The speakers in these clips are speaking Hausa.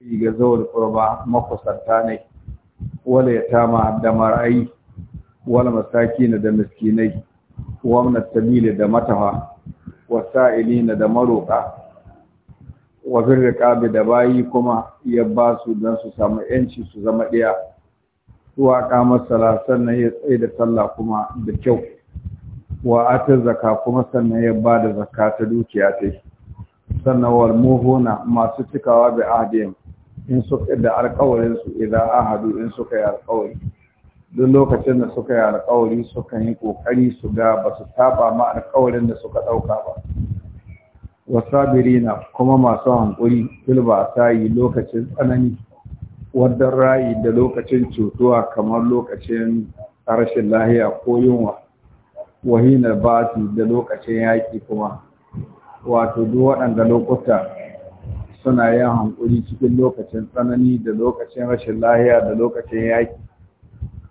ga zawar kurba makusarta ne wala ya tama da marayi wala masakina da miskinai wamna tabila da matafa wasa'ilina da maroka wa firqabi da bayi kuma ya ba su dan su samu yanci su zama ɗaya. wa qama sala sannan ya tsaye da sallah kuma da kyau wa ata zakka kuma sannan ya ba da zakka ta dukiya ta sannan wal muhuna masu cikawa bi ahdin in suka da alƙawarin su idan ahadu in suka yi alƙawari duk lokacin da suka yi alƙawari suka yi ƙoƙari su ga ba su ma alƙawarin da suka ɗauka ba wasabirina kuma masu hankuri filba ta yi lokacin tsanani wadda rayi da lokacin cutuwa kamar lokacin rashin lahiya ko yunwa wahinar basi da lokacin yaƙi kuma wato duk waɗanda lokuta suna yin hankuri cikin lokacin tsanani da lokacin rashin lahiya da lokacin yaƙi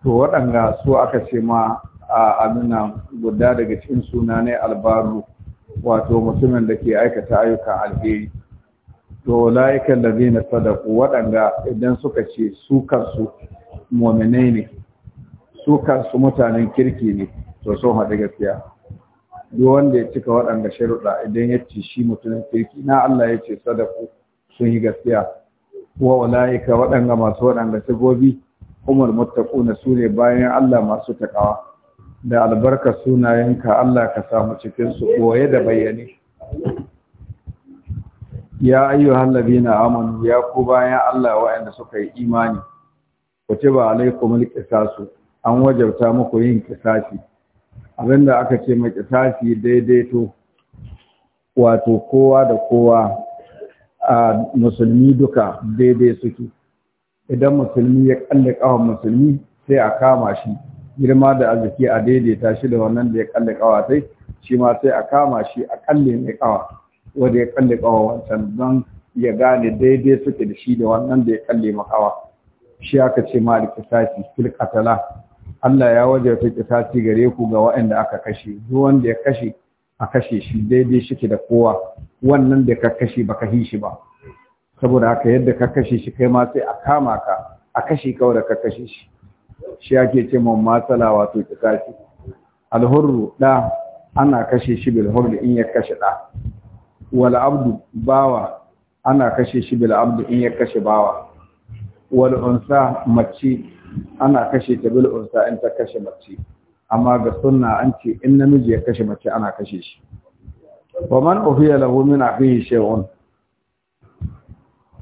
to waɗanga su aka ce ma a amina guda daga cikin suna ne albaru wato mutumin da ke aikata ayyukan alheri to la'ikan da zai na sadaku waɗanga idan suka ce su kansu mominai ne su mutanen kirki ne to sun haɗu gaskiya duk wanda ya cika waɗanda sharuɗa idan ya ce shi mutumin kirki na Allah ya ce sadaku sun yi gaskiya wa wala'ika waɗanga masu waɗanda sigobi umar muttaquna su ne bayan Allah masu takawa da albarka sunayenka Allah ka samu cikin su da bayyane ya hallabi na amanu ya ku bayan Allah waɗanda suka yi imani ba alaikumul qisasu an wajabta muku yin kisasi abinda aka ce mai kisasi daidaito wato kowa da kowa a musulmi duka daidai suke idan musulmi ya kalle kawa musulmi sai a kama shi girma da arziki a daidaita shi da wannan da ya kalle kawa sai shi ma sai a kama shi a kalle mai kawa wanda ya kalle kawa wancan don ya gane daidai suke da shi da wannan da ya kalle makawa shi aka ce ma alkisasi fil qatala Allah ya waje ta kisasi gare ku ga waɗanda aka kashe duk wanda ya kashe a kashe shi daidai shike da kowa wannan da ka kashe baka hi shi ba saboda haka yadda ka kashe shi kai ma sai a kama ka a kashe kawai da ka kashe shi shi ake ce mun matsala wato kitaki alhurru da ana kashe shi bil hurri in ya kashe da wal abdu bawa ana kashe shi bil abdu in ya kashe bawa wal unsa mace ana kashe ta bil unsa in ta kashe mace amma ga sunna an ce in namiji ya kashe mace ana kashe shi wa man ufiya lahu min akhihi shay'un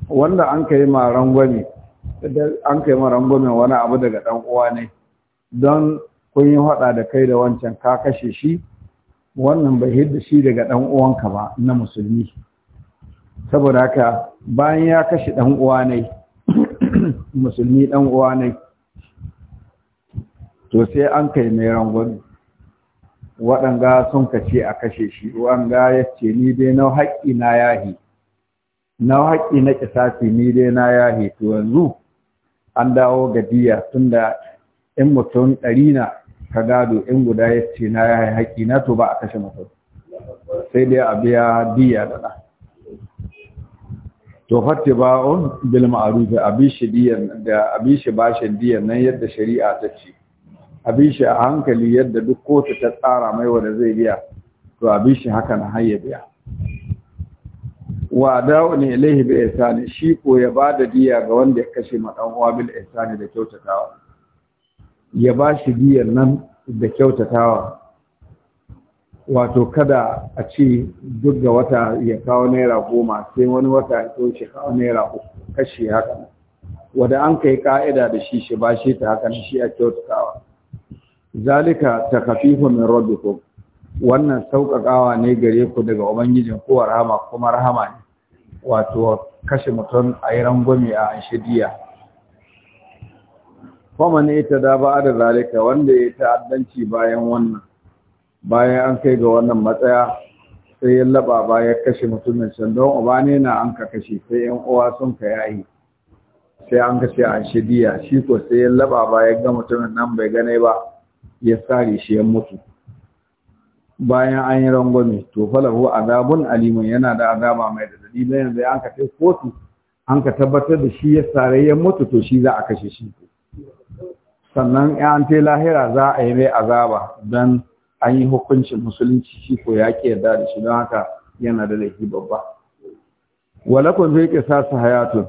wanda an kai ma rangwame an kai ma rangwame wani abu daga dan uwa ne don kun yi hada da kai da wancan ka kashe shi wannan bai hidda shi daga dan uwanka ba na musulmi saboda haka bayan ya kashe dan uwa ne musulmi dan uwa ne to sai an kai mai rangwani waɗanga sun kace a kashe shi waɗanga ya ce ni dai na haƙƙi na yahi na haƙƙi na ƙisasi ni dai na yahi to yanzu an dawo ga diya tunda in mutum ɗari na ka gado in guda ya ce na yahi haƙƙi na to ba a kashe mutum sai dai a biya diya da ɗan to fattiba'un bil ma'ruf abi shi da abi shi bashin diyan nan yadda shari'a ta ce abin shi a hankali yadda duk kotu ta tsara mai wanda zai biya to abin shi haka na har biya wa da'u ne ilaihi bi ihsani shi ko ya bada diya ga wanda ya kashe ma dan uwa bil ihsani da kyautatawa ya ba shi diyar nan da kyautatawa wato kada a ce duk da wata ya kawo naira goma sai wani wata ya to shi kawo naira kashe haka wanda an kai ka'ida da shi shi ba shi ta haka shi a kyautatawa zalika takhafifu min rabbikum wannan saukakawa ne gare ku daga ubangijin ko rahama kuma rahama ne wato kashe mutum a yi gome a anshadiya kuma ne ita da ba da zalika wanda ya ta'addanci bayan wannan bayan an kai ga wannan matsaya sai ya laba ba ya kashe mutumin can don uba ne na an ka kashe sai yan uwa sun ka yayi sai an kashe an shidiya shi ko sai ya laba ba ya ga mutumin nan bai gane ba ya sare shi ya mutu bayan an yi rangwame to falahu azabun aliman yana da azaba mai da dadi bayan yanzu an ka kai kotu an ka tabbatar da shi ya sare ya mutu to shi za a kashe shi sannan ya an ta lahira za a yi mai azaba don an yi hukuncin musulunci shi ko ya ke yarda da shi don haka yana da laifi babba walakun zai ke su hayatun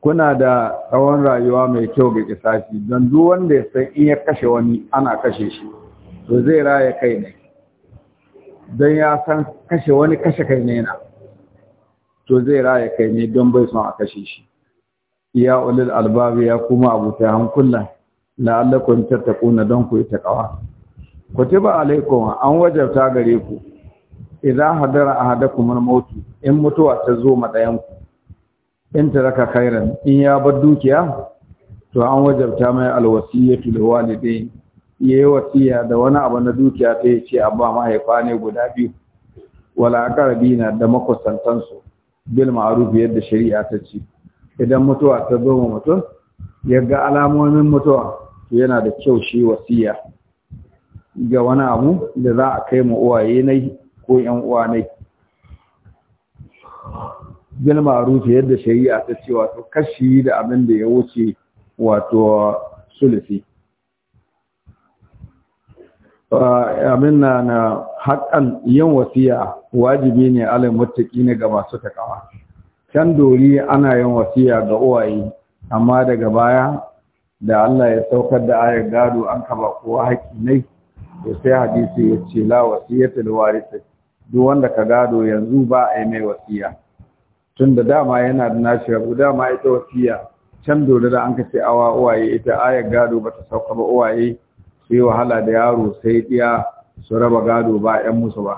kuna da tsawon rayuwa mai kyau ga kisashi don duk wanda ya san in ya kashe wani ana kashe shi to zai raya kai ne don ya san kashe wani kashe kai ne na to zai raya kai ne don bai son a kashe shi ya ulil albabi ya kuma na hankulan la'allakum tattaquna don ku yi ta ci ba alaikum an wajabta gare ku idza hadara hada kuma mutu in mutuwa ta zo ma in taraka khairan in ya bar dukiya to an wajabta mai alwasiyatu walidai Ya yayi wasiya da wani abu na dukiya ta yace ba mahaifa ne guda biyu wala aqrabina da makusantan bil ma'ruf yadda shari'a ta ce idan mutuwa ta zo mutum ya ga alamomin mutuwa to yana da kyau shi wasiya ga wani abu da za a kai mu uwaye nai ko yan uwa nai bil rufe yadda shari'a ta ce wato kashi da abin da ya wuce wato sulufi. Amin na na haƙan yin wasiya wajibi ne alal muttaqi ne ga masu takawa can dori ana yin wasiya ga uwaye amma daga baya da Allah ya saukar da ayar gado an kaba kowa haƙi ne da sai hadisi ya ce la wasiyata ta duk wanda ka gado yanzu ba a yi mai wasiya tun da dama yana da nashi rabu dama ita wasiya can dole da an ka ce awa uwaye ita ayar gado ba ta sauka ba uwaye su yi wahala da yaro sai ɗiya su raba gado ba ‘yan musu ba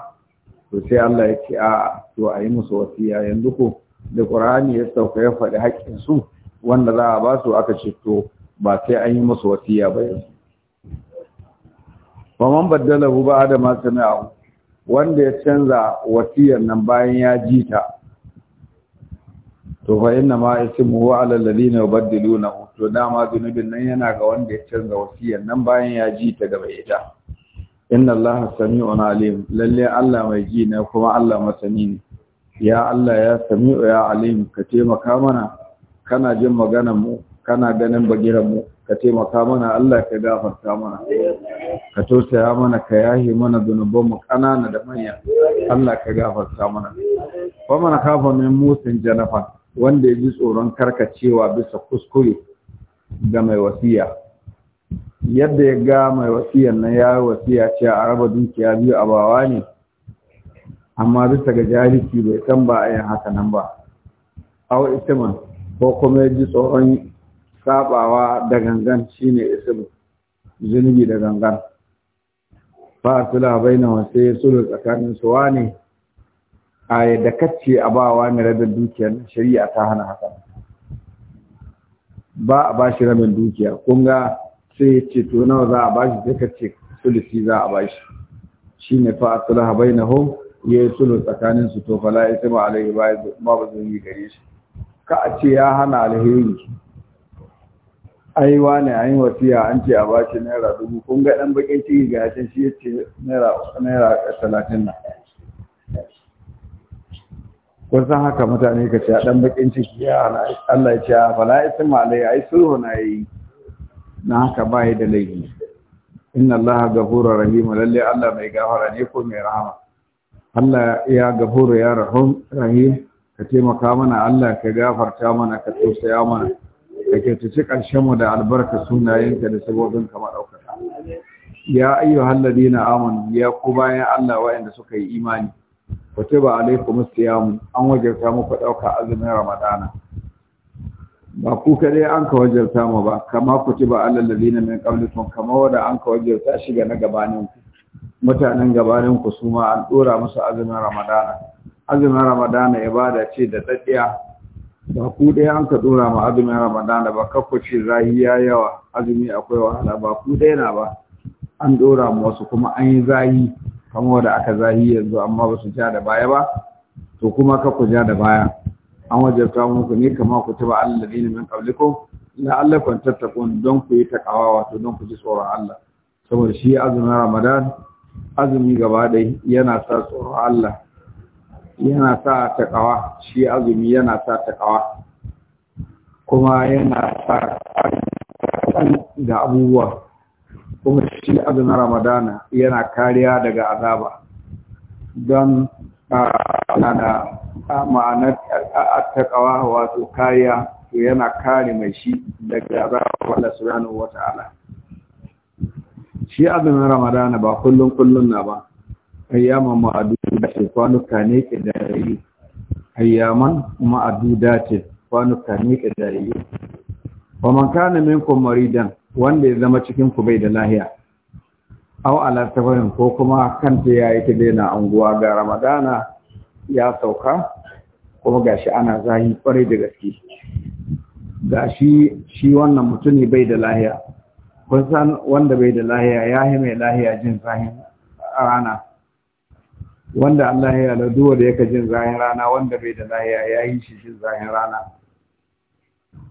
to sai Allah ya ce a to a yi musu wasiya yanzu ko da ƙur'ani ya sauka ya faɗi haƙƙin su wanda za a ba su aka ce to ba sai an yi musu wasiya ba yanzu faman baddalahu ba Adama sana'u wanda ya canza wasiyar nan bayan ya ji ta to fa inna ma ismuhu ala alladhina yubaddiluna to dama zunubin nan yana ga wanda ya canza wasiyar nan bayan ya ji ta gaba ita inna allaha sami'un alim lalle allah mai ji ne kuma allah masani ne ya allah ya sami'u ya alim ka taimaka mana kana jin maganar mu kana ganin bagiran mu ka taimaka mana Allah ka gafarta mana ka tausaya mana ka yahi mana zunubanmu ƙanana da manya Allah ka gafarta mana wa mana kafa min musin janafan wanda ya ji tsoron karkacewa bisa kuskure ga mai wasiya yadda ya ga mai wasiyan nan ya wasiya ce a raba dukiya biyu a bawa ne amma bisa ga jariki bai san ba a yin haka nan ba awa isiman ko kuma ya ji tsoron sabawa da gangan shine isimin zunubi da gangan fa asula bainahu sai sulhu tsakanin su wane a da kacce a ba wa mai rabin dukiyar shari'a ta hana haka ba a ba shi rabin dukiya kun ga sai ya ce to nawa za a ba shi sai kacce sulusi za a ba shi shi ne fa na bainahum ya yi sulu tsakanin su to fala ya ba alaihi ba ba zai gare shi ka a ce ya hana alheri ai wane an yi wasiya an ce a bashi naira dubu kun ga dan bakin ciki ga yashin shi ya ce naira talatin na kun haka mutane ka ce a ɗan bakin ciki ya Allah ya ce a fala isin malai yi sulhu na yi na haka ba da laifi inna Allah gafurur rahim lalle Allah mai gafara ne ko mai rahama Allah ya gafura ya rahum rahim ka taimaka mana Allah ka gafarta mana ka tausaya mana ka kyautace ƙarshen mu da albarka sunayenka da sabobin ka maɗaukata. ya ayyuhal ladina amanu ya ku bayan Allah waɗanda suka yi imani kutiba alaikum siyam an wajarta muku dauka azumin ramadana ba ku kare an ka wajarta mu ba kama kutiba alal ladina min qablikum kama wanda an ka wajarta shi ga na gabanin ku mutanen gabanin ku su ma an dora musu azumin ramadana azumin ramadana ibada ce da daddiya ba ku dai an ka dora ma azumin ramadana ba kakku ce zahiya yawa azumi akwai wahala ba ku dai na ba an dora mu wasu kuma an yi zahi kamo da aka zahi yanzu amma ba su ja da baya ba to kuma ka ku ja da baya an wajabta muku ne kama ku taba alladina min qablikum la'allakum tattaqun don ku yi takawa wato don ku ji tsoron Allah saboda shi azumin Ramadan azumi gaba dai yana sa tsoron Allah yana sa takawa shi azumi yana sa takawa kuma yana sa da abubuwa kuma shi azumin ramadana yana kariya daga azaba don na da ma'anar attakawa wato kariya to yana kare mai shi daga azaba Allah subhanahu wata'ala shi azumin ramadana ba kullum kullum na ba ayyaman da ce kwanuka ne ke da rayu ayyaman da ce kwanuka ne ke da rayu wa man kana minkum maridan wanda ya zama cikin ku bai da lahiya aw ala safarin ko kuma kanta ya yi ta daina anguwa ga ramadana ya sauka kuma gashi ana zahi kwarai da gaske gashi shi wannan mutumi bai da lahiya kun san wanda bai da lahiya ya yi mai lahiya jin zahin rana wanda Allah ya duwa da yaka jin zahin rana wanda bai da lahiya ya yi shi jin zahin rana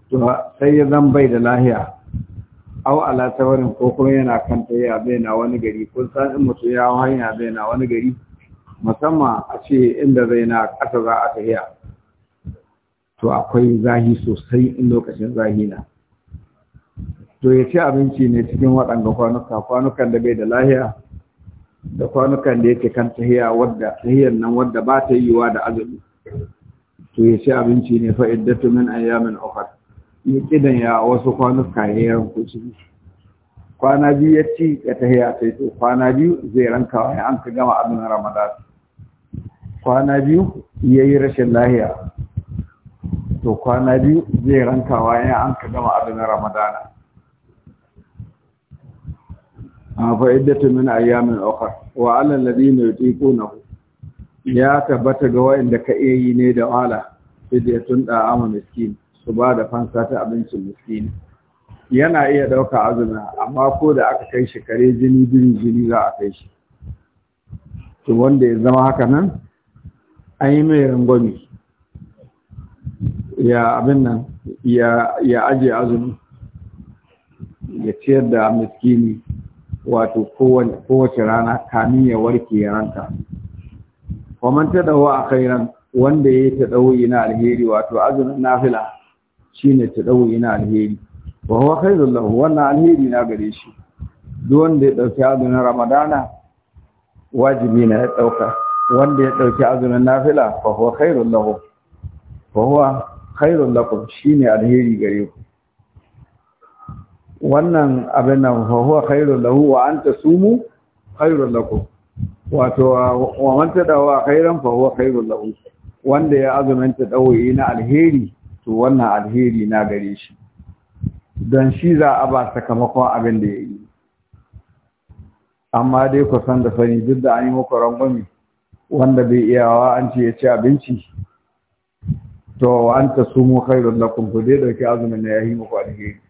to sai ya zan bai da lahiya au ala tawarin ko kuma yana kan ya na wani gari kun san in mutum ya hanya na wani gari musamman a ce inda zai na ƙasa za a tafiya to akwai zahi sosai in lokacin zahi na to ya ci abinci ne cikin waɗanga kwanuka kwanukan da bai da lahiya da kwanukan da yake kan tahiya wadda tahiyar nan wadda ba ta yiwa da azumi to ya ci abinci ne fa iddatu min ayyamin ukhra Yi kidan ya wasu kwanuka ya yanko ciki kwana biyu ya ci ya ta ya sai to kwana biyu zai rankawa ya an ka gama abin ramadan kwana biyu ya yi rashin lahiya to kwana biyu zai rankawa ya an ka gama abin ramadana a fa'iddatu min ayyamin ukhra wa 'ala alladhina yutiqunahu ya tabbata ga wa'inda ka iya yi ne da wala fidyatun da'ama miskin su ba da fansa ta abincin miskini yana iya ɗauka azumi amma ko da aka kai shi kare jini jini za a kai shi to wanda ya zama haka nan an yi mai rangwami ya abin nan ya ajiye azumi ya ciyar da miskini wato kowace rana kamin ya warke ya ranta kwaman da wa a kai ran wanda ya yi ta ɗauyi na alheri wato azumin nafila shine tadawi na alheri wa huwa khairul lahu wannan alheri na gare shi duk wanda ya dauki azumin ramadana wajibi na ya dauka wanda ya dauki azumin nafila fa huwa khairul lahu fa huwa khairul shi shine alheri gare ku wannan abin nan fa huwa khairul lahu wa anta sumu khairul lakum wato wa man tadawa khairan fa huwa khairul lahu wanda ya azumin tadawi na alheri to wannan alheri na gare shi don shi za a ba sakamakon abin da ya yi amma dai ku san da sani duk da an yi muku rangwami wanda bai iyawa an ce ya ci abinci to an ta su mu da lakun ku dai dauki azumin ya yi muku alheri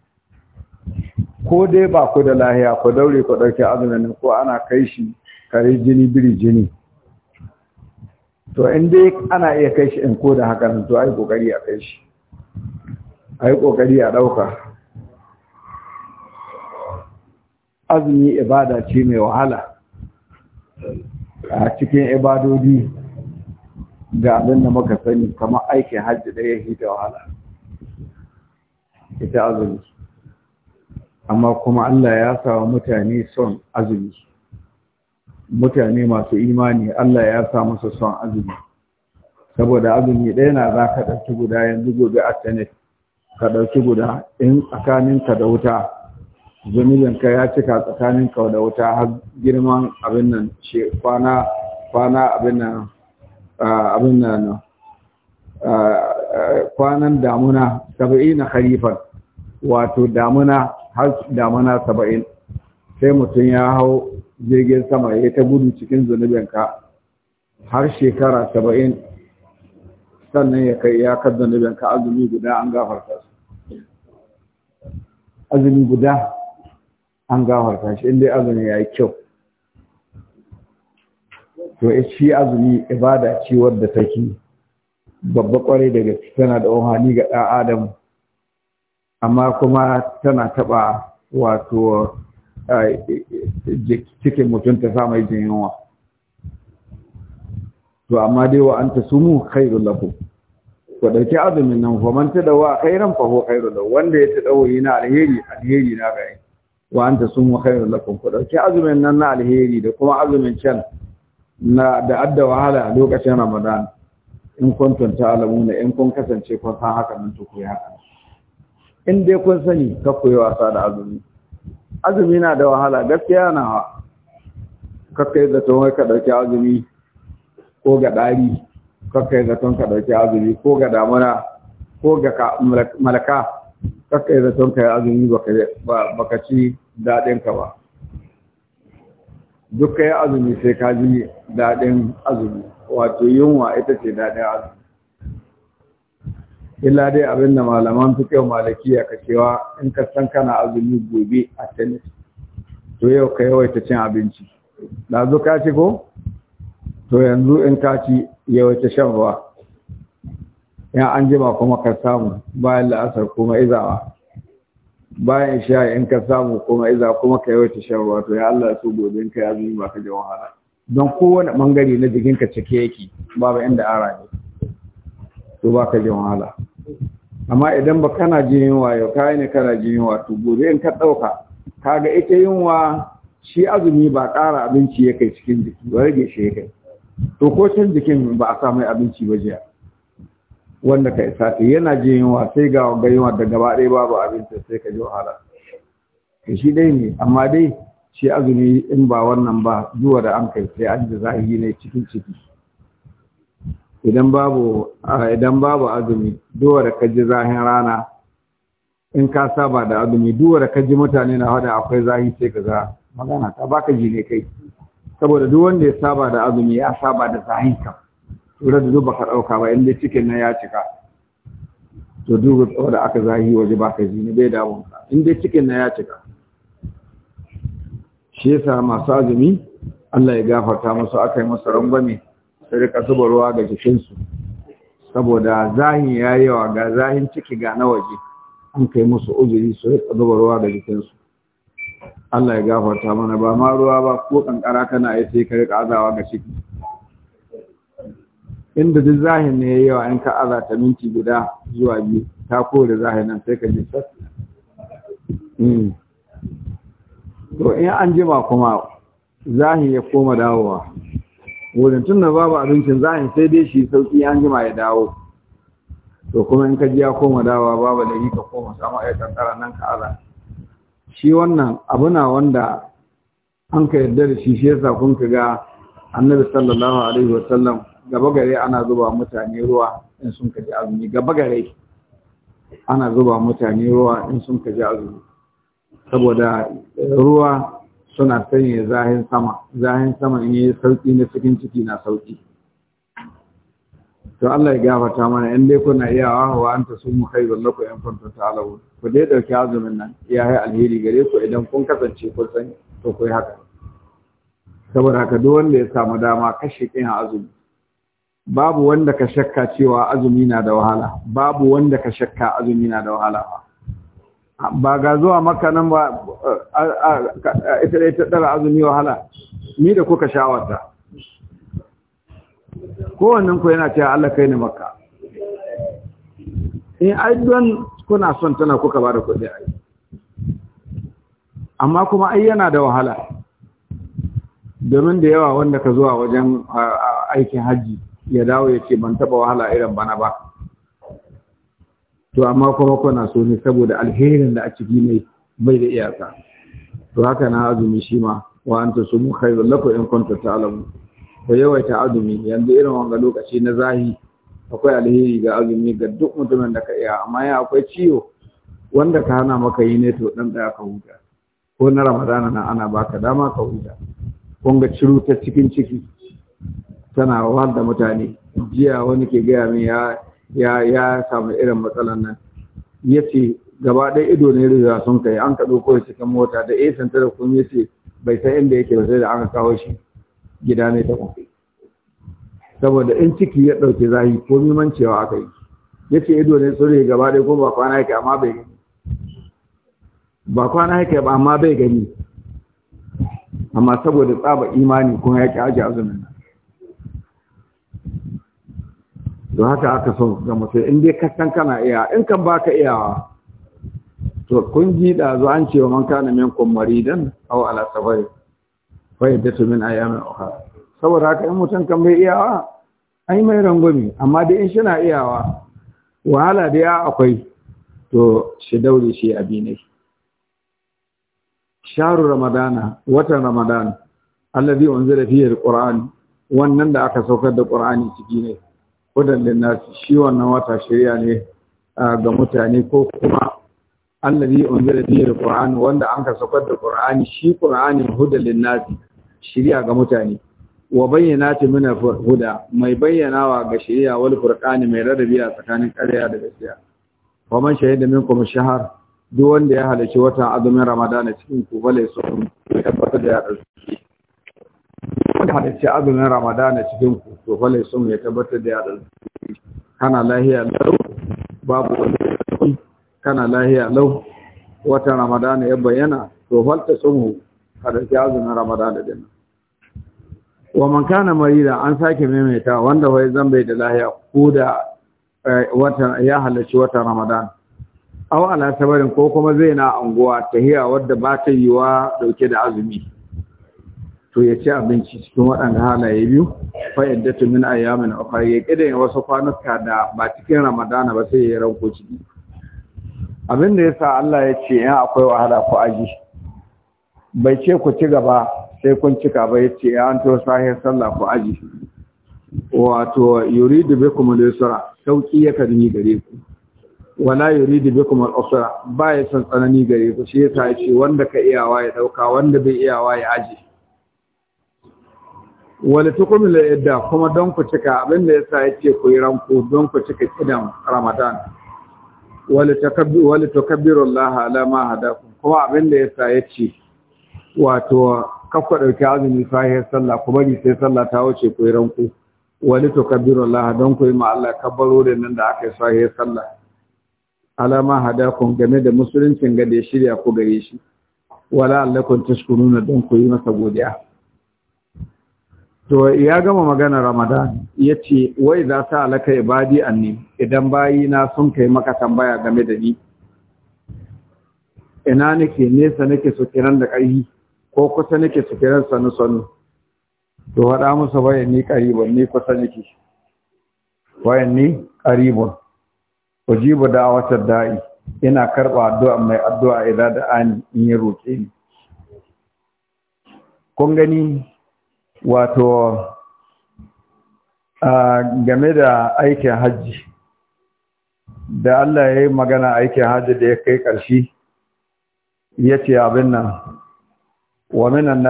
ko dai ba ku da lahiya ku daure ku dauki azumin ko ana kai shi kare jini biri jini to in dai ana iya kai shi in ko da haka to ai kokari a kai shi Ayi yi ƙoƙari a ɗauka azumi ibada ce mai wahala a cikin ibadodi ga abin da muka sani kamar aikin hajji da ya hita wahala ita azumi amma kuma Allah ya sawa mutane son azumi mutane masu imani Allah ya sa musu son azumi saboda azumi ɗaya na za ka ɗauki guda yanzu gobe a tanet ka ɗauki guda in tsakaninka da wuta ka ya cika tsakaninka da wuta har girman abin nan kwana kwana abin nan abin nan kwanan damuna saba'i na harifar wato damuna har damuna saba'in sai mutum ya hau jirgin sama ya ta gudu cikin zunubinka har shekara saba'in sannan ya kai ya kan zunubinka azumi guda an gafarta su azumi guda an gafarta shi inda azumi ya yi kyau to eh, shi azumi ibada ce wadda take babba kwarai daga tana da ohani ga ɗan adam amma kuma tana taɓa wato eh, cikin mutum ta sa mai jin yunwa to amma dai wa an ta sumu kai lakum ku ɗauki azumin nan da man ta wa khairan fa huwa khairul lahu wanda ya ta dawo yana alheri alheri na ga wa anta wa khairu lakum ku ɗauki azumin nan na alheri da kuma azumin can na da adda wahala a lokacin Ramadan in kun alamu ta'lamuna in kun kasance kun san haka nan to ku yi in dai kun sani ka ku yi wasa da azumi azumi na da wahala gaskiya na ka kai da tawai ka ɗauki azumi ko ga ɗari yi zaton ka ɗauki azumi ko ga damuna ko ga malaka yi zaton ka yi azumi ba ka ci daɗin ka ba duk ka yi azumi sai ka ji daɗin azumi wato yunwa ita ce daɗin azumi illa dai abin da malaman fi kyau malaki ka cewa in ka san kana azumi gobe a tennis to yau ka yawaita cin abinci ɗazu ka ce ko to yanzu in ka ci yawace shan ruwa ya an jima kuma ka samu bayan la'asar kuma izawa bayan sha in ka samu kuma iza kuma ka yawaita shan ruwa to ya Allah su gobe ka ya zuwa ka ji wahala don kowane bangare na jikinka cike yake babu inda ara ne to ba ka ji wahala amma idan ba kana jin yunwa yau yi ne kana jin yunwa to gobe in ka ɗauka kaga ita yunwa shi azumi ba ƙara abinci ya kai cikin jiki ba rage shi ya kai to ko can jikin ba a samu abinci ba jiya wanda ka isa ta yana jin yunwa sai ga gaiwa da gaba ɗaya babu abinci sai ka ji wahala ka shi dai ne amma dai shi azumi in ba wannan ba zuwa da an kai sai an ji zahiri ne cikin ciki idan babu idan babu azumi zuwa da ka ji zahin rana in ka saba da azumi zuwa da ka ji mutane na hada akwai zahi sai ka ga magana ta baka ji ne kai saboda duk wanda ya saba da azumi ya saba da zahin kan da zuba baka ɗauka ba inda cikin na ya cika to duk wanda da aka zahi waje ba ka jini bai damun ka inda cikin na ya cika shi yasa masu azumi Allah ya gafarta musu aka yi musu rangwame su rika zuba ruwa ga jikinsu saboda zahin ya yawa ga zahin ciki ga na waje an kai musu uzuri su rika zuba ruwa ga jikinsu Allah ya gafarta mana ba ma ruwa ba ko kankara kana yi sai ka rika azawa ga ciki inda duk zahin ne yayi yawa in ka aza ta minti guda zuwa biyu ta kore zahinan sai ka ji sas hmm. to in an jima kuma zahi ya koma dawowa wurin tunda babu abincin zahin sai dai shi sauki an jima ya dawo to kuma in ka ji ya koma dawowa babu da yi ka koma samu a kankara nan ka aza shi wannan abu na wanda an ka yarda da shi shi yasa kun ka ga annabi sallallahu alaihi wasallam gaba gare ana zuba mutane ruwa in sun ka ji azumi gaba gare ana zuba mutane ruwa in sun ka ji azumi saboda ruwa suna sanya zahin sama zahin sama in yi sauki na cikin ciki na sauki to Allah ya gafarta mana in dai kuna iyawa wa anta sumu khairul lakum 'yan kuntum ta'lamun ku dai dauki azumin nan ya yi alheri gare ku idan kun kasance kun san to ku yi haka saboda haka duk wanda ya samu dama kashe kin azumi babu wanda ka shakka cewa azumi na da wahala babu wanda ka shakka azumi na da wahala ba ga zuwa makka nan ba ita dai ta dara azumi wahala ni da kuka shawarta kowannen ku yana cewa Allah kai ne makka in eh, ai don kuna son tana kuka ba da kuɗi ai amma kuma ai yana da wahala domin da yawa wanda ka zuwa wajen aikin hajji ya dawo ya ce ban taba wahala irin bana ba to amma kuma kuna so ne saboda alherin da a ciki mai, bai da iyaka to haka na azumi shi ma wa anta sumu khairul lakum in kuntum ta'lamun ku yawaita azumi yanzu irin wanga lokaci na zahi akwai alheri ga azumi ga duk mutumin da ka iya amma ya akwai ciwo wanda ka hana maka yi ne to dan daya ka huta ko na ramadana na ana baka dama ka huta kun ga ciru ta cikin ciki tana wahal da mutane jiya wani ke gaya min ya ya ya samu irin matsalan nan ya ce gaba ɗaya ido ne rizuwa sun kai an ka ɗauko cikin mota da esanta ta da kuma ya ce bai san inda yake ba sai da aka kawo shi gida ne ta kwafi saboda in ciki ya ɗauke zahi ko cewa aka yi ya ce ido ne sun gaba ɗaya ko ba kwana yake amma bai gani ba kwana yake ba amma bai gani amma saboda tsaba imani kuma ya ƙi ajiye azumin nan, don haka aka so ga mutum in dai kasan kana iya in kan baka iyawa to kun ji da zo an cewa man kana min maridan don ala safari fayyadatu min ayyamin ukhra saboda haka in mutum kan bai iyawa ai mai rangwami amma da in shi na iyawa wahala da ya akwai to shi daure shi abi ne sharu ramadana watan ramadana alladhi unzila fihi alquran wannan da aka saukar da qur'ani ciki ne hudan linnas shi wannan wata shari'a ne ga mutane ko kuma alladhi unzila fihi alquran wanda an ka saukar da qur'ani shi qur'ani hudan linnas shiriya ga mutane wa bayyana ta mina huda mai bayyanawa ga shiriya wal furqani mai rarrabi a tsakanin ƙarya da gaskiya wa man shahida minkum shahar duk wanda ya halarci wata azumin ramadana cikin ku bale su tabbatar da ya dauki wanda halarci azumin ramadana cikin ku to bale su ya tabbata da ya kana lahiya lau babu wani kana lahiya lau wata ramadana ya bayyana to falta sunhu ka dauki azumin da din wa man kana marida an sake maimaita wanda wai bai da lahiya ko da eh, wata ya halarci watan ramadan aw ala sabarin ko kuma zai na anguwa tahiya wadda ba ta yiwa dauke da azumi to ya ci abinci cikin waɗanda halaye biyu fa iddatu min ayyamin ukhra ya kida wasu kwanuka da ba cikin Ramadan ba sai ya ranko ciki abin da yasa Allah ya ce in akwai wahala ku aji bai ce ku ci gaba sai kun cika ba yace ya an to sahih sallah ku aji wato yuridu bikum al usra sauki ya kadini gare ku wala yuridu bikum al-usra ba ya san tsanani gare ku shi yasa yace wanda ka iyawa ya dauka wanda bai iyawa ya aji wala tukum la yadda kuma don ku cika abin da yasa yace ku yi ranku don ku cika kidan ramadan wala takabbiru wala takabbiru Allah ala ma hadakum kuma abin da yasa yace wato kafa ɗauki azumi sahiyar sallah ku bari sai sallah ta wuce ku yi ranku wani to kabbiru Allah don ku yi ma Allah kabbaro da nan da aka yi sahiyar sallah alama hada kun game da musuluncin ga da ya shirya ku gare shi wala allakun tashkuruna don ku yi masa godiya to ya gama magana ramadan ya ce wai za ta alaka ibadi anni idan bayi na sun kai maka tambaya game da ni ina nake nesa nake so kiran da ƙarfi ko kusa nake su kiran sanu sanu to faɗa musu bayan ni ƙaribon ni kusa nake bayan ni ƙaribon da da'i ina karɓa addu'a mai addu'a idan da an in yi roƙe ni kun gani wato game da aikin hajji da Allah ya yi magana aikin hajji da ya kai ƙarshe. ya ce abin nan wa minan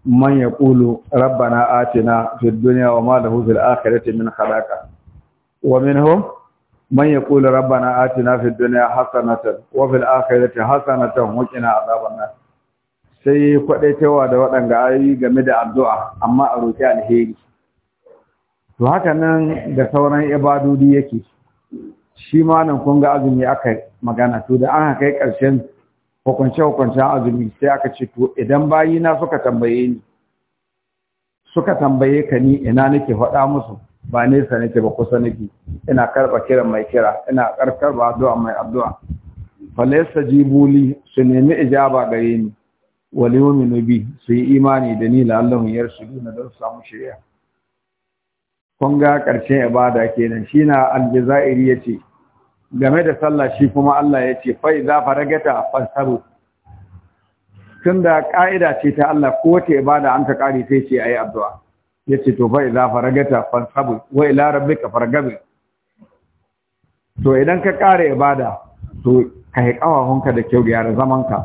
من يقول ربنا آتنا في الدنيا وما له في الآخرة من akhirati min من wa ربنا آتنا في الدنيا حسنة وفي الآخرة حسنة وكنا عذاب الناس sai wa qina da waɗanda ayoyi game da addu'a amma a roƙi alheri to haka nan da sauran ibadodi yake shi ma nan kun azumi aka magana to da an kai ƙarshen hukunce-hukuncen azumi sai aka ce to idan na suka tambaye ni suka tambaye ka ni ina nake faɗa musu ba nesa nake ba kusa nake ina karɓa kiran mai kira ina karɓa addu'a mai addu'a falaysa jibuli su nemi ijaba gare ni wal yu'minu bi su yi imani da ni la'allahu yarshuduna don su samu shari'a kun ga ƙarshen ibada kenan shi na aljazairi ya ce game da sallah shi kuma Allah ya ce fa idza faragata Tun da ƙa'ida ce ta Allah ko wata ibada an ta ƙari sai ce ayi addu'a ce to fa idza faragata fansabu wa ila rabbika fargabe. to idan ka kare ibada to ka yi ƙawahunka da kyau gyara zamanka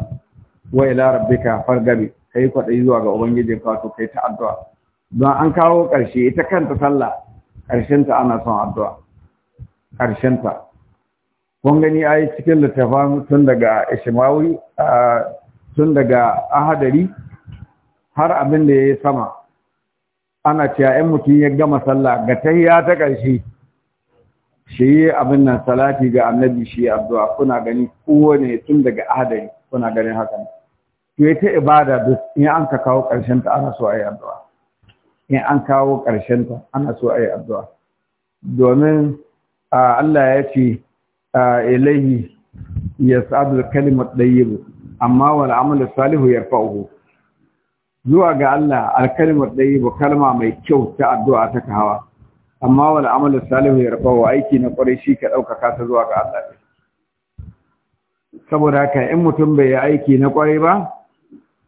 wa ila fargabe. Ka yi kwaɗayi zuwa ga ubangijinka to kai ta addu'a don an kawo ƙarshe, ita kanta sallah ƙarshenta ta ana son addu'a ƙarshenta ta kun gani yi cikin littafan tun daga ishmawi tun daga ahadari har abin da ya yi sama ana cewa ‘yan mutum ya gama sallah ga tahiya ta ƙarshe shi yi abin nan salati ga annabi shi abdu'a kuna gani kowane tun daga ahadari kuna ganin hakan Su ya ta ibada duk in an ka kawo ƙarshen ta ana so a yi addu'a in an kawo ƙarshen ta ana so a yi addu'a domin Allah ya ce ilaihi yas'adul kalimat dayyib amma wal amal salihu yarfa'uhu zuwa ga Allah alkalimar ɗaya ba kalma mai kyau ta addu'a ta kawa amma wani amalin salihu ya rabawa aiki na ƙwarai shi ka ɗauka ta zuwa ga Allah saboda haka in mutum bai yi aiki na ƙwarai ba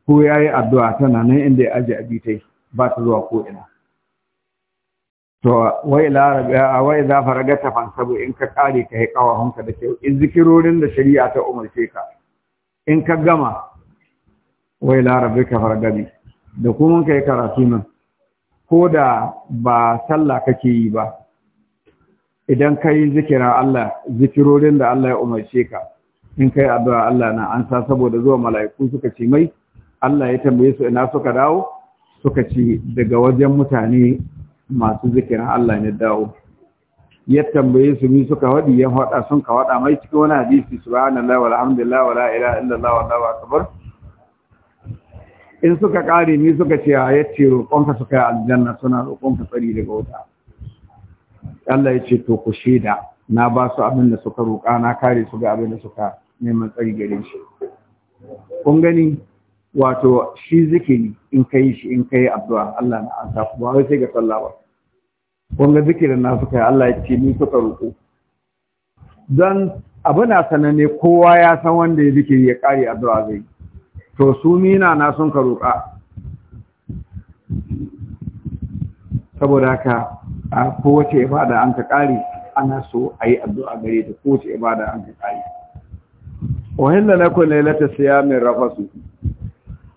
ko ya yi addu'a tana nan inda ya aji abitai ba ta zuwa ko'ina to wai larabiya wai za faragata fansabu in ka kare ka yi kawahunka da kyau in zikirorin da shari'a ta umarce ka in ka gama wai larabi ka fargabi da kuma ka yi karatu nan ko da ba sallah kake yi ba idan ka yi zikira Allah zikirorin da Allah ya umarce ka in ka yi addu'a Allah na an sa saboda zuwa mala'iku suka ce mai Allah ya tambaye su ina suka dawo suka ce daga wajen mutane masu zikirin Allah ne dawo ya tambaye su mi suka wadi ya hada sun ka wada mai cikin wani hadisi subhanallahi walhamdulillah wala ilaha illallah wallahu akbar in suka kare ni suka ce ya ce roƙonka suka yi aljanna suna roƙonka tsari daga wuta Allah ya ce to ku shaida na ba su abin da suka roƙa na kare su ga abin da suka neman tsari gare shi kun gani wato shi zikiri in ka yi shi in ka yi addu'a Allah na an saku ba wai sai ga sallah ba wanga zikirin na suka yi Allah ya ce ni suka roƙo don abu na sananne kowa ya san wanda ya zikiri ya ƙare addu'a zai to su mina na sun ka roƙa saboda haka a kowace ibada an ka ƙare ana so a yi addu'a gare ta kowace ibada an ka ƙare wahilla lakum lailata siyamin rafasu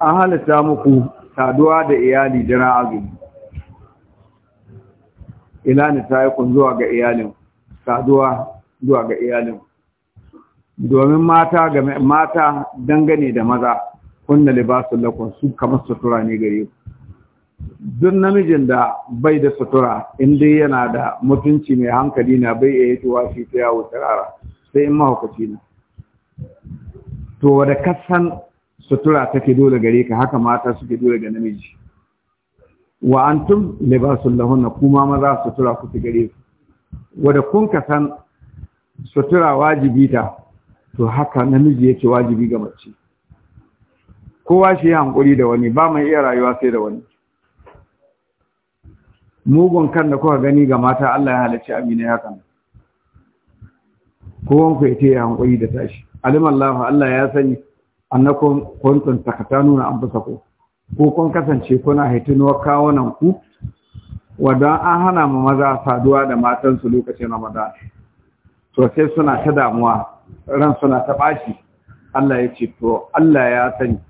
an halitta muku saduwa da iyali dana azumi ila ni ta yi zuwa ga iyalin saduwa zuwa ga iyalin domin mata ga mata dangane da maza kunna libasul lakum su kamar sutura ne gare ku duk namijin da bai da sutura in dai yana da mutunci mai hankali na bai iya tuwa shi ta yawo tsirara sai in mahaukaci na to da kasan sutura take dole gare ka haka mata suke dole ga namiji wa antum libasul lahunna kuma maza sutura kuke gare su wanda kun ka san sutura wajibi ta to haka namiji yake wajibi ga mace kowa shi hankuri da wani ba mai iya rayuwa sai da wani mugun kan da kuka gani ga mata Allah ya halacci amina ya kan kowanku ya ce ya hankuri da tashi alimallahu Allah ya sani nuna an takatanuna ku ko kun kasance kuna haitinuwar kawunan ku wadda an hana mu maza saduwa da matansu lokacin ramadan to sai suna ta damuwa ran suna ta bashi Allah ya ce to Allah ya sani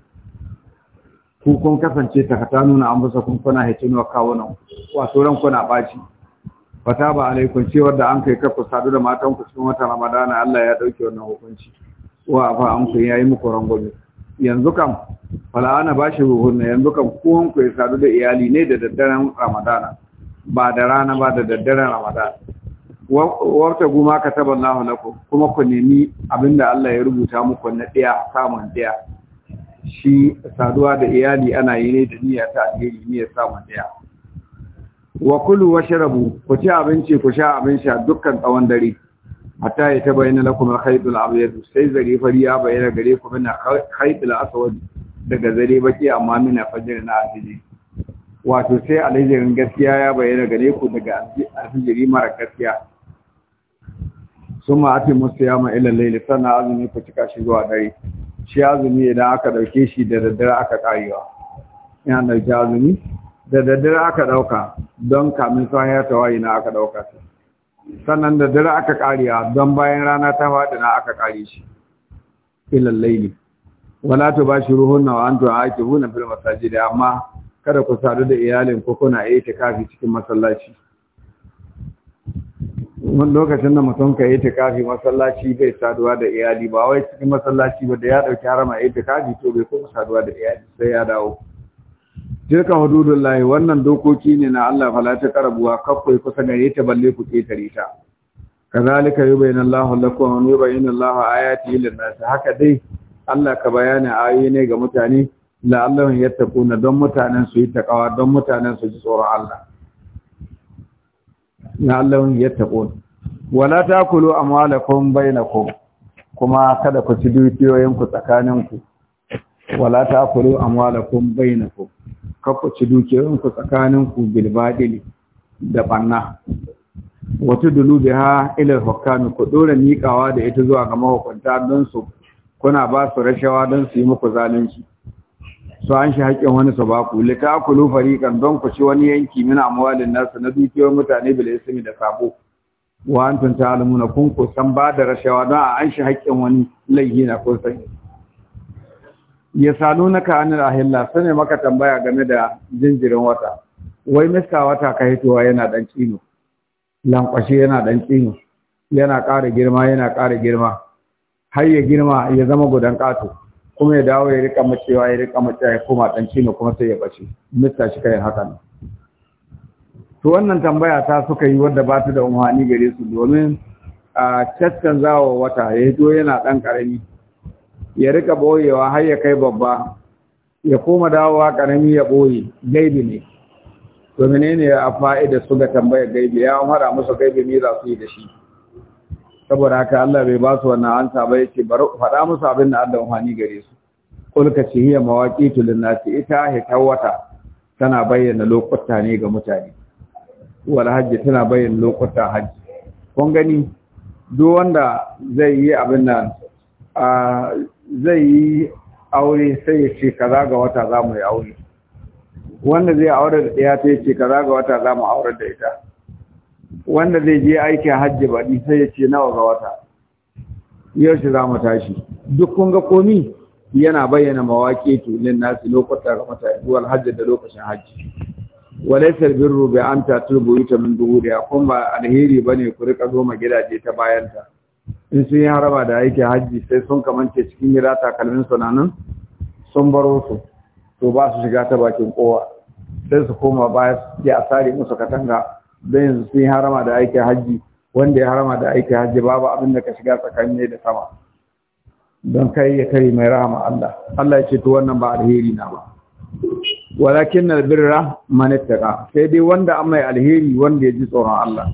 ku kun kasance nuna an takatanuna anfusakum kuna haitinuwar kawunan ku wato ran kuna bashi fata ba alaikun cewar da an kai kafa sadu da matanku cikin watan ramadana Allah ya dauke wannan hukunci wa afa amsu yayi muku rangwame yanzu kam fala ba shi ruhunna yanzu kam kowan ku ya sadu da iyali ne da daddaren ramadana ba da rana ba da daddaren ramadana warta guma ka taba na ku, kuma ku nemi abinda Allah ya rubuta muku na ɗaya samun ɗaya shi saduwa da iyali ana yi ne da niyya ta alheri niyyar samun ɗaya wa kulu wa sharabu ku ci abinci ku sha abin sha dukkan tsawon dare hatta ya tabayyana lakum al-khayt al-abyad sai zare fari ya bayyana gare ku min khayt al-aswad daga zare baki amma min fajr na alfijiri wato sai alfijirin gaskiya ya bayyana gare ku daga alfijiri mara gaskiya suma ati musayama ila layl sana azumi ku cika shi zuwa dare shi azumi idan aka dauke shi da daddare aka karewa ina dauke azumi da daddare aka dauka don kamin sa ya tawayi na aka dauka shi sannan da dare aka kariya don bayan rana ta faɗi na aka kare shi ilal laili wala tubashiruhunna wa ake aakifuna fil masajid amma kada ku sadu da iyalin ko kuna itikafi cikin masallaci Mun lokacin da mutum ka itikafi masallaci bai saduwa da iyali ba wai cikin masallaci ba da ya dauki harama itikafi to bai kuma saduwa da iyali sai ya dawo tilka hududullahi wannan dokoki ne na Allah fala ta karabuwa kakwai kusa gare ta balle ku ke tari ta kazalika yubayyinu Allahu lakum wa yubayyinu Allahu ayatihi lin-nas haka dai Allah ka bayani ayoyi ne ga mutane la'allahum yattaquna don mutanen su yi takawa don mutanen su ji tsoron Allah ya yattaqun wala takulu amwalakum bainakum kuma kada ku ci dukiyoyinku tsakaninku wala takulu amwalakum bainakum ku tsakanin tsakaninku bilbadili da banna wata dulubi ha ilar hukami ku dora mikawa da ita zuwa ga mahukunta don su kuna ba su rashawa don su yi muku zalunci su an shi haƙƙin wani su ba ku lu farikan don ku ci wani yanki muna amwalin nasu na dukiyar mutane bil ismi da sabo wa antum ta'lamuna kun ku san ba da rashawa don a an shi haƙƙin wani laihi na kun sani ya sanu na ka anil ahilla sani maka tambaya game da jinjirin wata wai mista wata ka hitowa yana dan kino lankwashe yana dan kino yana ƙara girma yana ƙara girma har ya girma ya zama gudan ƙato kuma ya dawo ya rika macewa ya rika macewa ya koma dan kino kuma sai ya bace mista shi kai hakan to wannan tambaya ta suka yi wanda ba ta da umarni gare su domin a zawo wata ya hito yana dan karami ya rika boyewa har ya kai babba ya koma dawowa karami ya boye gaibi ne to menene a fa'ida su ga tambayar gaibi ya umara musu gaibi ne za su yi da shi saboda haka Allah bai ba su wannan ansa ba yace bar faɗa musu abin da Allah wani gare su kul ka ci hiya mawaqitu nasi ita tawata tana bayyana lokuta ne ga mutane wal hajji tana bayyana lokuta hajji kun gani duk wanda zai yi abin nan a zai yi aure sai ya ce kaza ga wata za mu yi aure wanda zai aure da ɗaya ta ce kaza ga wata za mu aure da ita wanda zai je aikin hajji baɗi sai ya ce nawa ga wata yaushe za mu tashi duk kun ga komi yana bayyana mawaƙi tulin nasu lokuta ga mutane wal hajji da lokacin hajji walaisa birru bi an tulbu turbu ita min duhu da kuma alheri bane ku rika zo ma gidaje ta bayanta in sun yi haraba da aiki hajji sai sun kamance cikin gida takalmin su nan sun baro su to ba su shiga ta bakin kowa sai su koma baya ya a sare musu katanga don yanzu sun yi harama da aikin hajji wanda ya harama da aikin hajji babu abin da ka shiga tsakanin ne da sama don kai ya kai mai rahama Allah Allah ya ce to wannan ba alheri na ba walakin na birra manittaka sai dai wanda an mai alheri wanda ya ji tsoron Allah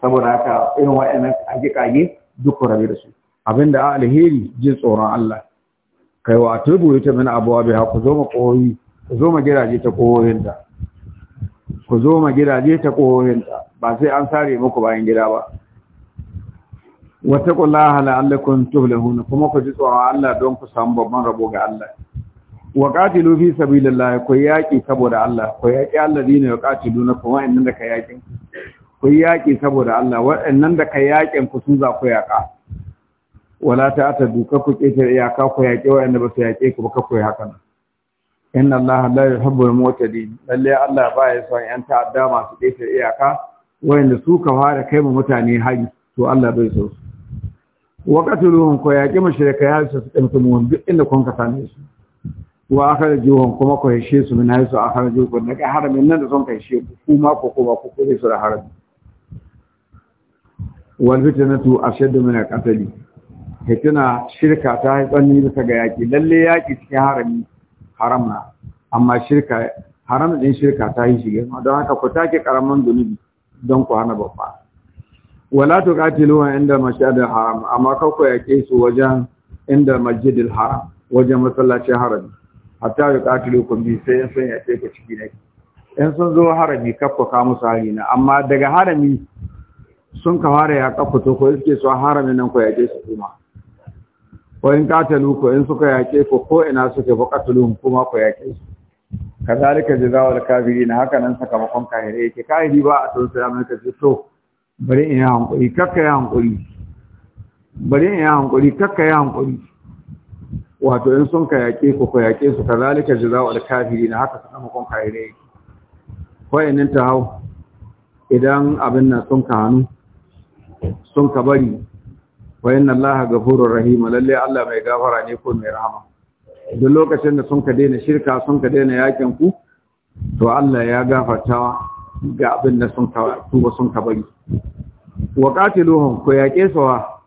saboda haka irin wa'annan kage-kage duk rabe da su abinda a alheri jin tsoron Allah kai wa tubu ita mana abuwa bai ku zo ma koyi ku zo ma gidaje ta koyoyinta ku zo ma gidaje ta koyoyinta ba sai an sare muku bayan gida ba wattaqullaha la'allakum tuflihun kuma ku ji tsoron Allah don ku samu babban rabo ga Allah wa qatilu fi sabilillahi ku yaki saboda Allah ku yaki alladina yuqatiluna kuma inda ka yakin ku yi yaƙi saboda Allah waɗannan da ka yaƙin ku sun za ku yaƙa wala ta ta duka ku ƙetare iyaka ku yaƙe waɗanda ba su yaƙe ku ba ka ku nan inna Allah la yuhibbul mu'tadin lalle Allah ba ya son yan ta'adda masu ƙetare iyaka waɗanda su ka fara kai mu mutane hari to Allah bai so su wa qatuluhum ku yaƙi mushrikai har su su mu duk inda kun ka same su wa aka da kuma ku hishe su min haisu aka da na daga haramin nan da son ka hishe ku ma ku kuma ku kure su da haramin wal fitnatu ashaddu min al-qatl fitina shirka ta yi tsanni bisa ga yaki lalle yaki cikin harami haram amma shirka haram din shirka ta yi shige don haka ku take karaman zunubi don ku hana babba wala to tuqatiluha inda mashadil haram amma ka ku yake su wajen inda masjidil haram wajen masallacin harami hatta ya katilu kun bi sai yan san yace ku ciki ne yan sun zo harami kafa ka musu hari na amma daga harami sun ka fara ya kafuto ko suke so harami nan ko yaƙe su kuma ko in katalu ko in suka yaƙe ko ko ina suke fa katulun kuma ko yaƙe su kazalika jazaa'ul kafirin haka nan sakamakon kafire yake kafiri ba a sai amma kace to bari in yi hankuri kakka yi hankuri bari in yi hankuri kakka yi hankuri wato in sun ka yaƙe ko ko yaƙe su kazalika jazaa'ul kafirin haka sakamakon kafire yake ko in ta hau idan abin nan sun ka hannu sun ka bari wa inna gafurur ghafurur rahim lalle Allah mai gafara ne ko mai rahama duk lokacin da sun ka daina shirka sun ka daina yakin ku to Allah ya gafarta ga abin da sun ka tuba sun ka bari wa qatiluhum ko yake sawa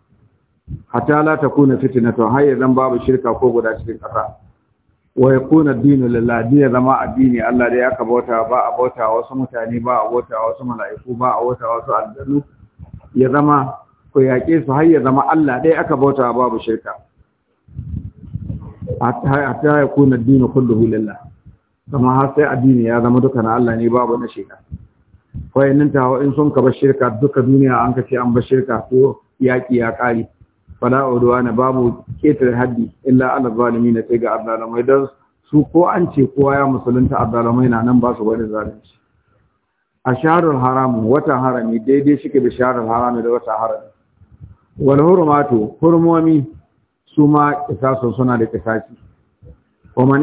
hatta la takuna fitnatu hayya zan babu shirka ko guda cikin kasa wa yakuna dinu lillahi din zama addini Allah da ya kabota ba abota wasu mutane ba abota wasu mala'iku ba abota wasu aljannu ya zama ku yaƙe su har ya zama Allah ɗaya aka bauta babu shirka ta ya kuna dini kullu hulalla kama har sai addini ya zama duka na Allah ne babu na shirka wayannan tawo in sun ka bar shirka duka duniya an ka ce an bar shirka to yaƙi ya ƙari fala na babu ƙetare haddi illa ala na sai ga abdalamai don su ko an ce kowa ya musulunta abdalamai na nan ba su wani zalunci a shaharar haram watan harami daidai shike da shaharar harami da watan harami wal hurumatu hurmomi su ma kisasun suna da kisasi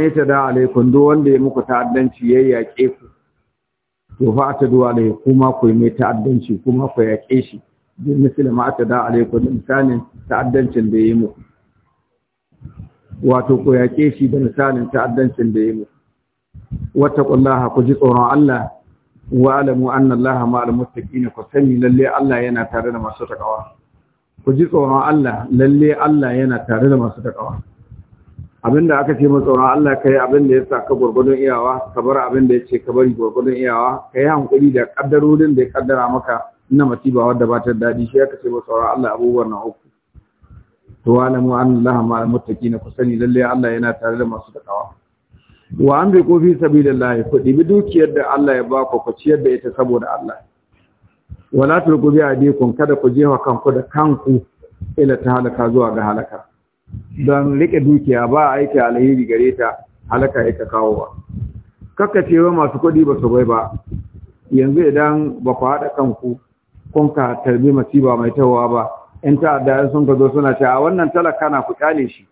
ne ta da alaikun duk wanda ya muku ta'addanci ya yaƙe ku to fa ta duwa da kuma ku mai ta'addanci kuma ku yaƙe shi duk musulma ta da alaikun misalin ta'addancin da ya yi muku wato ku yaƙe shi da misalin ta'addancin da ya yi muku wata kullaha ku ji tsoron Allah wa alamu anna Allah ma'al muttaqin ku sani lalle Allah yana tare da masu takawa ku ji tsoron Allah lalle Allah yana tare da masu takawa abinda aka ce mu tsoron Allah ka kai abinda ya sa ka gwargwadon iyawa ka bar abinda ya ce ka bari gwargwadon iyawa ka yi hankuli da kaddarorin da ya kaddara maka ina masiba wadda ba ta daɗi, shi aka ce mu tsoron Allah abubuwan na uku to wa alamu anna Allah ma'al muttaqin ku sani lalle Allah yana tare da masu takawa wa an bai kofi sabida sabilillahi ku dibi dukiyar da Allah ya ba ku ku ciyar da ita saboda Allah wala turku bi adikum kada ku jefa kanku da kanku ila ta halaka zuwa ga halaka dan rike dukiya ba aiki alheri gare ta halaka ita kawo ba cewa masu kuɗi ba su bai ba yanzu idan ba ku haɗa kanku kun ka tarbi masiba mai tawa ba in ta ta'adda sun ka zo suna cewa wannan talaka na ku kyale shi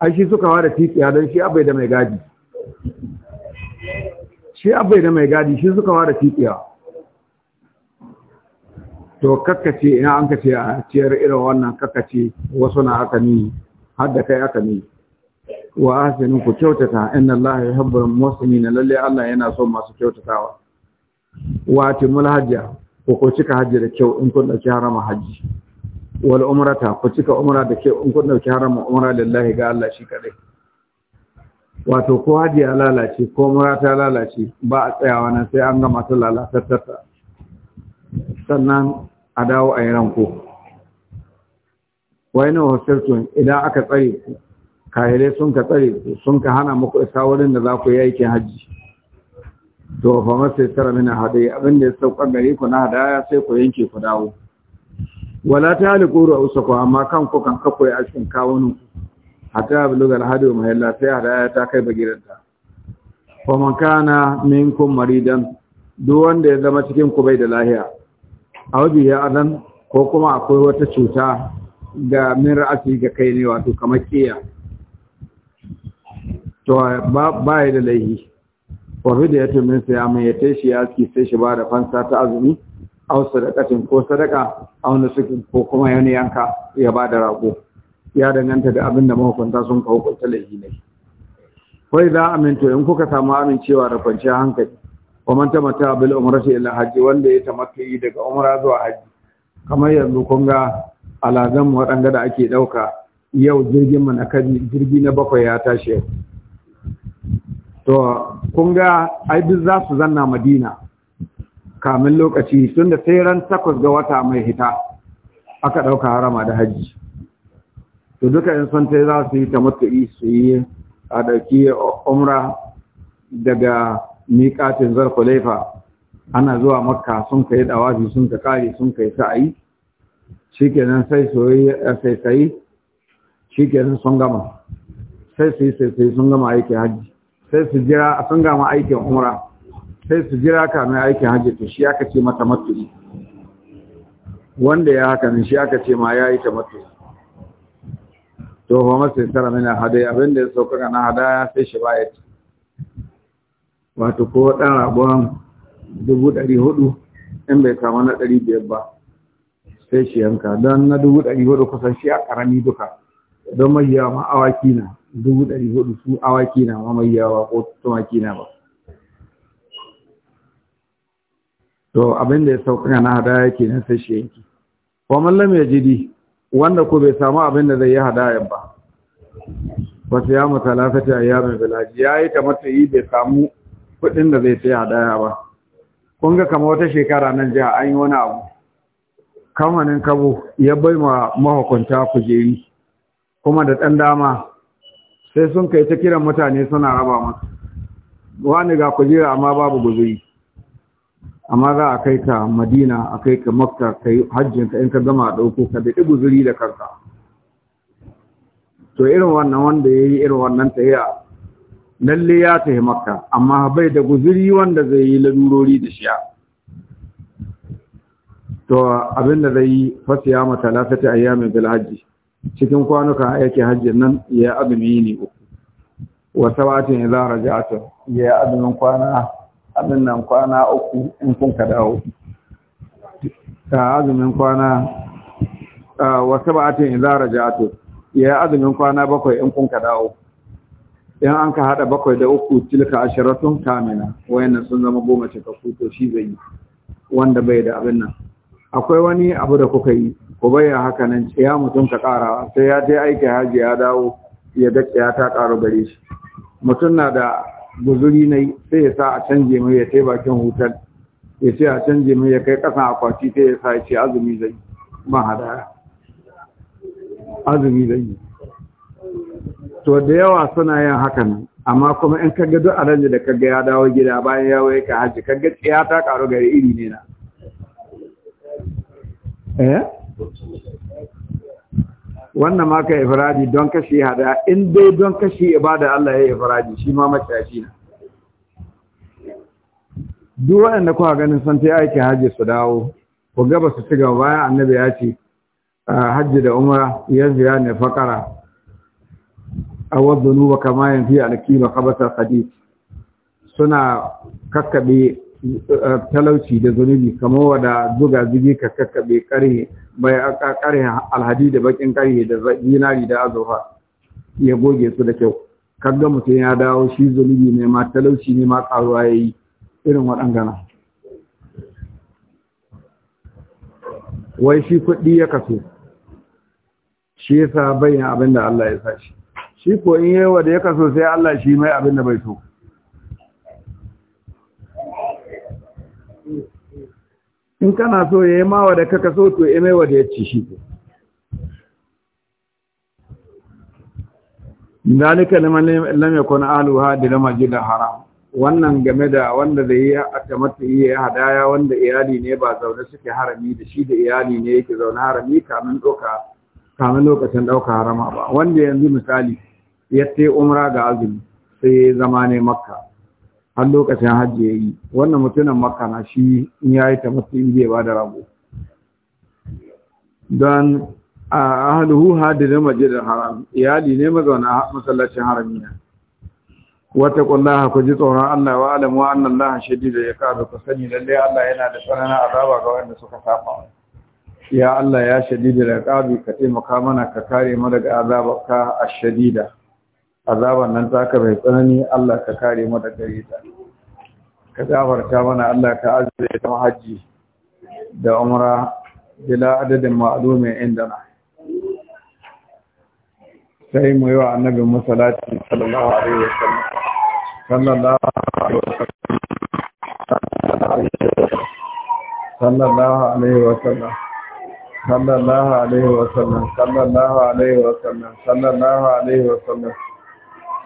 ai shi suka fara titiya don shi abai da mai gadi shi abai da mai gadi shi suka ware fiƙewa to kakkace ina an kace a ciyar irin wannan kakkace wasu na aka ni har da kai aka ni wa ahsinu ku kyautata inna allaha yuhibbul muslimin lalle allah yana so masu kyautatawa wa timul hajja ku ku cika hajji da kyau in kun dauki harama hajji wal umrata ku cika umra da kyau in kun dauki harama umra lillahi ga allah shi kadai wato ko haji ya lalace ko mura ta lalace ba a tsayawa na sai an gama ta lalatattarta sannan a dawo a yi ranko wai na hostelton idan aka tsare ku kahire sun ka tsare ku sun ka hana muku isa wurin da za ku yi aikin hajji to fa masai tara mina hadai abin da ya sauka gare ku na hadaya sai ku yanke ku dawo wala ta hali a usa amma kan ku kan kakwai a cikin hatta bulugal hadu mahalla sai hadaya ta kai bagiranta fa man kana minkum maridan duk wanda ya zama cikin ku bai da lahiya aw bi ya adan ko kuma akwai wata cuta ga min ra'asi ga kai ne wato kamar kiya to ba ba ya da laihi wa fidiyatu min siyamin ya tashi ya ki sai shi ba da fansa ta azumi aw sadaqatin ko sadaka, aw nusukin ko kuma yana yanka ya ba da rago ya danganta da abin da mahukunta sun kawo kwanta laifi ne Kwai za a minto in kuka samu amincewa da kwanciyar hankali wa man tamatta bil shi ila haji wanda ya tamattu daga umra zuwa haji, kamar yanzu kun ga alazan waɗanda da ake ɗauka yau jirgin mu na jirgi na bakwai ya tashi yau to kunga ga ai duk za su zanna madina kamin lokaci tunda sai ran takwas ga wata mai hita aka ɗauka harama da haji. to duka in san ta za su yi ta tamattu'i su yi a ɗauki umra daga miƙatin laifa. ana zuwa makka sun kai ɗawafi sun ka ƙari sun kai sa'ayi shikenan sai soyayya eh, sai sai shikenan sun gama sai su yi sai sai sun gama aikin hajji sai su jira sun gama aikin umra sai su jira kamar aikin hajji to shi aka ce mata matu'i wanda ya haka ne shi aka ce ma ya yi ta matu'i to fa masa tara mana hadaya abin da ya sauka na hadaya sai shi baya ci wato ko dan rabon dubu ɗari hudu in bai kama na ɗari biyar ba sai shi yanka don na dubu ɗari hudu kusan shi a ƙarami duka don mai yawa ma awaki na dubu ɗari hudu su awaki na ma mai yawa ko tumaki na ba to abin da ya sauka na hadaya kenan sai shi yanki wa mallam ya jidi wanda ku bai samu abin da zai yi hadaya ba ba su yamu talafata a yamin bilaji ya yi kamar ta yi bai samu kudin da zai yi hadaya ba kun ga kama wata shekara nan jiha an yi wani abu kamanin kabo ya bai ma mahukunta kujeri kuma da ɗan dama sai sun kai ta kiran mutane suna raba masu wani ga kujera amma babu guzuri amma za a kai ka madina a kai ka makka ka yi hajjinka in ka gama a ɗauko ka da zuri da kanka to irin wannan wanda ya yi irin wannan ta ya lalle ya yi makka amma bai da guzuri wanda zai yi larurori da shiya to abin da zai yi ya mata lafata ayyamin bil hajji cikin kwanuka yake hajjin nan ya azumi ne uku wa sabatin a raja'at ya azumin kwana abin nan kwana uku in kun ka dawo ta azumin kwana wasu ba'atin idza raja'atu ya azumin kwana bakwai in kun ka dawo in an ka hada bakwai da uku tilka asharatun kamina wayannan sun zama goma cikakku to shi zai yi wanda bai da abin nan akwai wani abu da kuka yi ku bayya haka nan ya mutum ka kara sai ya je aiki haji ya dawo ya ga ya ta karu gare shi mutum na da guzuri yi sai ya sa a canje mai ya kai bakin hutar ya ce a canje mai ya kai kasan akwati sai ya sa ya ce azumi zai ba hadaya azumi zai yi to da yawa suna yin hakan amma kuma in ka duk alaji da kaga ya dawo gida bayan ya waye ka haji kaga tsiya ta karu gari iri ne eh? wannan ma ka ifradi don kashe hada in dai don kashe ibada Allah ya ifradi shi ma maciyaci na duk waɗanda kuka ganin san ta aiki hajji su dawo ku gaba su ci gaba bayan annabi ya ce hajji da umara ya ziya ne fakara a wadda nuba kama yin fiye alkiba hadith suna kakkaɓe Eh, talauci da zunubi kamar wada zuga zubi ka kakkaɓe ƙarhe bai ƙarhe alhadi da bakin ƙarhe da zinari da azurfa ya goge su da kyau kaga mutum ya dawo shi zunubi ne ma talauci ne ma ƙaruwa ya yi irin waɗangana wai shi kuɗi ya kaso shi yasa bayan abin da Allah ya sa shi shi ko in yi wa da ya kaso sai Allah shi mai abin da bai so in kana so ya yi mawa da kaka so to ya maiwa da ya ci shi dalika lamya yakun aluha da masjidil haram wannan game da wanda da yi atamata yi ya hadaya wanda iyali ne ba zaune suke harami da shi da iyali ne yake zaune harami kamin doka kamin lokacin dauka harama ba wanda yanzu misali ya ce umra ga azumi sai ya zama ne makka har lokacin hajji ya yi wannan mutumin makka na shi in ya yi tamattu zai ba da rago don a ahaluhu hadirin majidar haram iyali ne mazauna masallacin harami na wata kullaha ku ji tsoron Allah wa alamu wa annan lahan shaidu da ya kada ku sani lalle Allah yana da tsanana azaba ga wanda suka saba ya Allah ya shadida da ya ka taimaka mana ka kare mu daga ka a shadida azaban nan taka mai tsanani Allah ka kare mu da gare ta ka gafarta mana Allah ka azure ta haji da umra bila adadin ma'lumin na. sai mu yi wa annabi musallati sallallahu alaihi sallam. sallallahu alaihi wasallam sallallahu alaihi wasallam sallallahu alaihi wasallam sallallahu alaihi wasallam sallallahu alaihi wasallam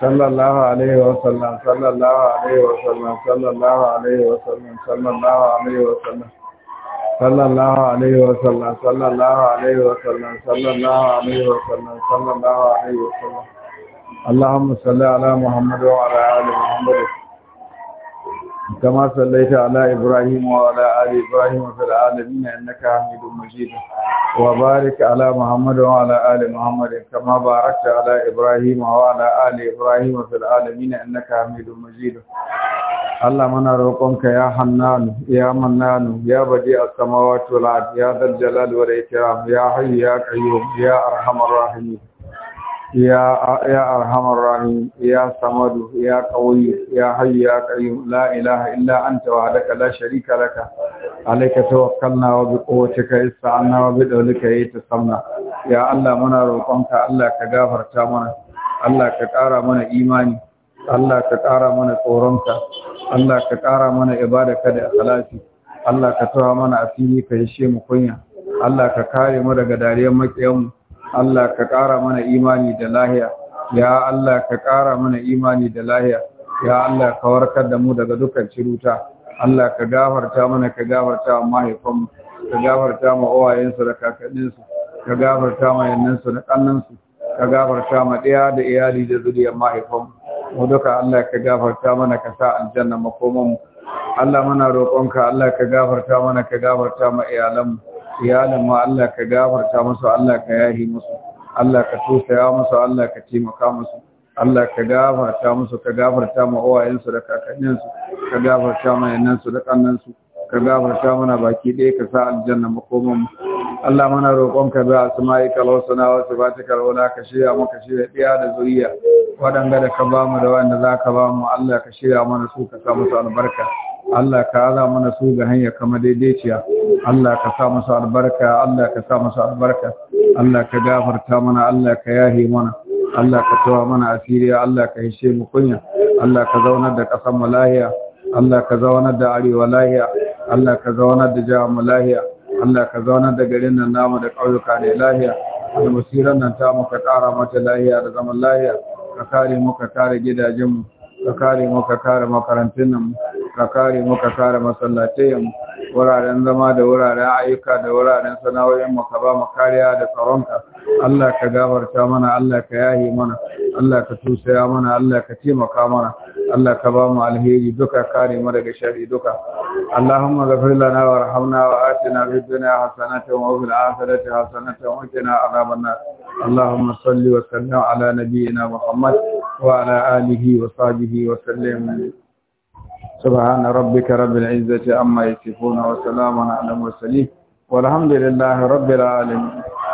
sallallahu alaihi wa sallam sallallahu alaihi wa sallam sallallahu alaihi wa sallam sallallahu alaihi wa sallam sallallahu alaihi wa sallam sallallahu alaihi wa sallam sallallahu alaihi wa sallam sallallahu alaihi wa sallam allahumma salli ala muhammad wa ala ali muhammad كما صليت على إبراهيم وعلى آل إبراهيم في العالمين إنك حميد مجيد وبارك على محمد وعلى آل محمد كما باركت على إبراهيم وعلى آل إبراهيم في العالمين إنك حميد مجيد اللهم انا روقك يا حنان يا منان يا بديع السماوات والارض يا ذا الجلال والاكرام يا حي يا قيوم يا ارحم الراحمين يا يا ارحم الراحمين يا صمد يا قوي يا حي يا قيوم لا اله الا انت وحدك لا شريك لك عليك توكلنا وبقوتك استعنا وبدولك يتصلنا يا الله منا روقنك الله كغفرت منا الله كقارا منا ايماني الله كقارا منا قرنك الله كقارا منا عبادك mana ibadaka da akhlasi, Allah ka tawa mana asiri ka yashe mu Allah ka ƙara mana imani da lahiya ya Allah ka ƙara mana imani da lahiya ya Allah ka warkar da mu daga dukkan ciruta Allah ka gafarta mana ka gafarta wa mahaifanmu ka gafarta ma uwayensu da kakanninsu ka gafarta ma yannansu da kannansu ka gafarta ma ɗaya da iyali da zuriyar mahaifanmu mu duka Allah ka gafarta mana ka sa aljanna makomanmu Allah muna roƙonka Allah ka gafarta mana ka gafarta ma iyalanmu iyalan ma Allah ka gafarta musu Allah ka yahi musu Allah ka tosaya musu Allah ka taimaka musu Allah ka gafarta musu ka gafarta ma uwayensu da kakanninsu ka gafarta ma yannansu da kannansu ka gafarta mana baki ɗaya ka sa aljanna makoman Allah mana roƙon ka bi asma'ika al-husna wa sifatika ula ka shirya mu ka shirya ɗiya da zuriya wadanda da ka bamu da wayanda za ka bamu Allah ka shirya mana su ka sa musu albarka Allah ka aza mana su ga hanya kama daidaiciya Allah ka sa musu albarka Allah ka sa musu albarka Allah ka gafarta mana Allah ka yahe mana Allah ka tawa mana asiri Allah ka hishe mu kunya Allah ka zaunar da kasan malahiya lahiya Allah ka zaunar da arewa lahiya Allah ka zaunar da jihar mu lahiya Allah ka zaunar da garin nan namu da ƙauyuka ne lahiya da musiran nan ta muka ƙara mata lahiya da zaman lahiya ka kare mu ka kare gidajenmu ka kare mu ka kare makarantun nan ka kare mu ka kare masallatayen mu wuraren zama da wuraren ayyuka da wuraren sana'o'in mu ka ba mu kariya da tsaronka Allah ka gafarta mana Allah ka yahi mana Allah ka tusaya mana Allah ka taimaka mana Allah ka ba mu alheri duka kare mu daga sharri duka Allahumma ghfir lana warhamna wa atina fid dunya hasanatan wa fil akhirati hasanatan wa qina adhaban nar اللهم صل وسلم على نبينا محمد وعلى آله وصحبه وسلم سبحان ربك رب العزة أما يصفون وسلام على المرسلين والحمد لله رب العالمين